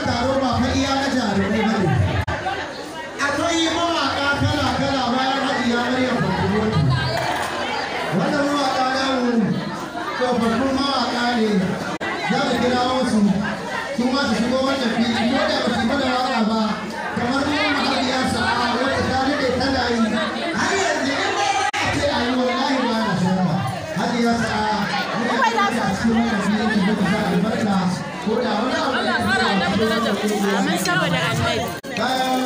wannan taro ba fa iya na jarumai ba ne akwai mawaƙa kala kala bayan hajiya maryam fatimoti wannan mawaƙa na mu tsofaffin mawaƙa ne za mu kira wasu su ma su shigo wannan fili ko da ba su yi mana ba Amin saboda annabi.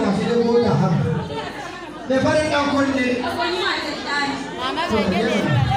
da shi dai mota haka. Da farin ɗan kunne. Mama bai gane.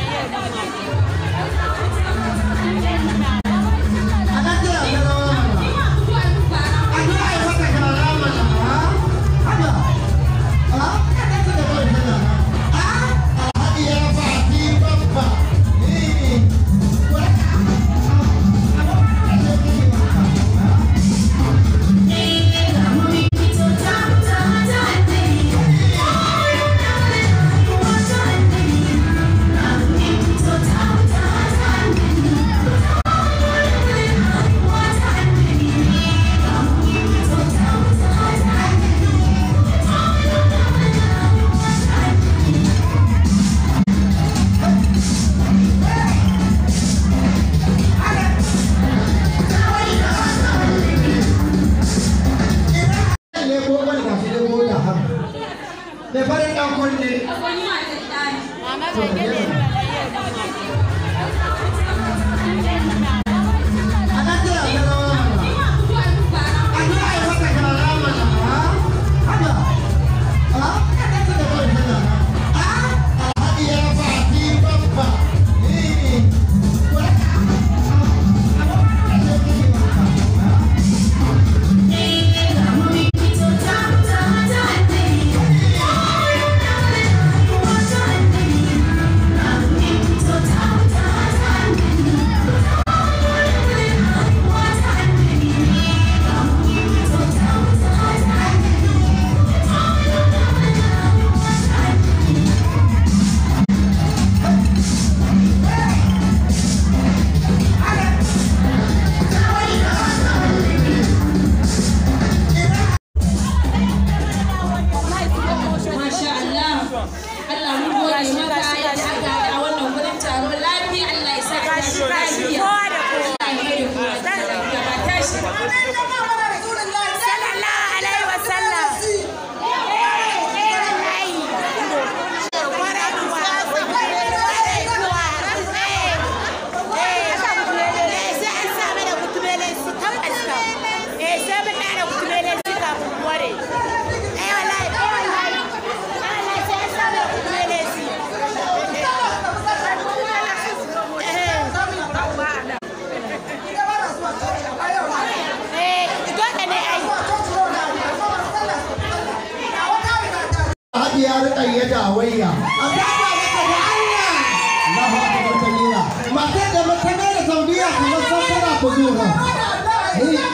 ya hajiya rukayya dawayya a saka maka da Allah Allahu akbar kabira matar da mata da saudiya kamar sun tana kuzura